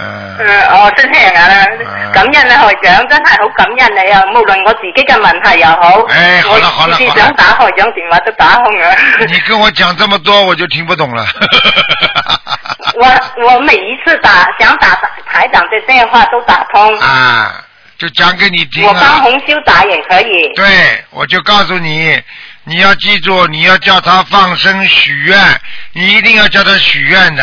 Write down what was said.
嗯，我聽聽下啦，感恩你，台長真係好感恩你啊！無論我自己嘅問題又好，我、哎、好了，好了，好了我想打台長電話都打通啊。你跟我講這麼多，我就聽不懂啦。 我我每一次打想打台長嘅電話都打通。啊、嗯，就講給你聽、啊。我幫洪修打也可以。對，我就告訴你，你要記住，你要叫他放生許願、嗯，你一定要叫他許願的。